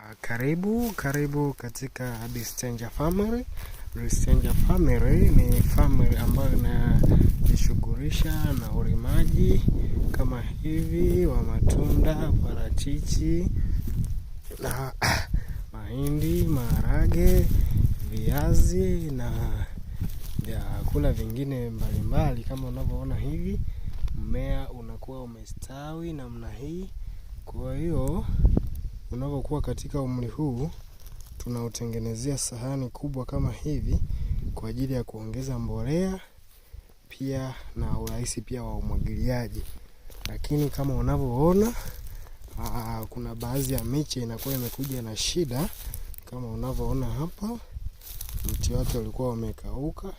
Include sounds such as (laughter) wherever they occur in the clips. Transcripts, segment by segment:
Ah, karibu, karibu katika Ristenga Family. Ristenga Family ni family ambayo inajishughulisha na ulimaji kama hivi wa matunda, parachichi na (coughs) mahindi, maharage, viazi na vyakula vingine mbalimbali. Kama unavyoona hivi, mmea unakuwa umestawi namna hii, kwa hiyo Unapokuwa katika umri huu, tunautengenezea sahani kubwa kama hivi kwa ajili ya kuongeza mbolea pia na urahisi pia wa umwagiliaji. Lakini kama unavyoona, kuna baadhi ya miche inakuwa imekuja na shida kama unavyoona hapa, mti wake ulikuwa umekauka.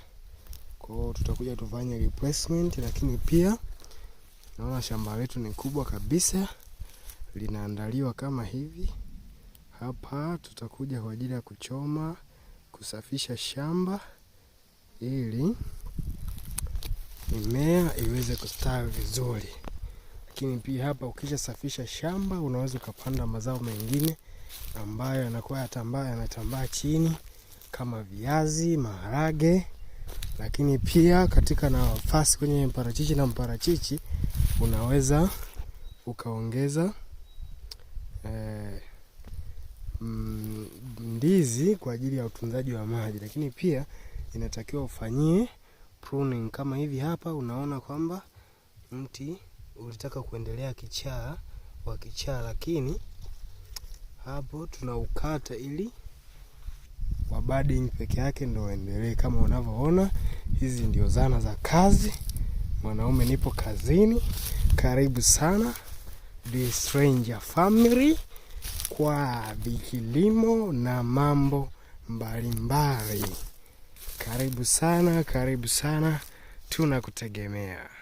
Kwa hiyo tutakuja tufanye replacement, lakini pia naona shamba letu ni kubwa kabisa linaandaliwa kama hivi. Hapa tutakuja kwa ajili ya kuchoma, kusafisha shamba ili mimea iweze kustawi vizuri. Lakini pia hapa ukishasafisha shamba, unaweza ukapanda mazao mengine ambayo yanakuwa yatambaa yanatambaa chini kama viazi, maharage lakini pia katika nafasi kwenye mparachichi na mparachichi unaweza ukaongeza ndizi kwa ajili ya utunzaji wa maji, lakini pia inatakiwa ufanyie pruning. Kama hivi hapa unaona kwamba mti ulitaka kuendelea kichaa wa kichaa, lakini hapo tunaukata ili wabading peke yake ndio waendelee. Kama unavyoona, hizi ndio zana za kazi. Mwanaume nipo kazini. Karibu sana The Stranger Family kwa vikilimo na mambo mbalimbali. Karibu sana, karibu sana, tunakutegemea.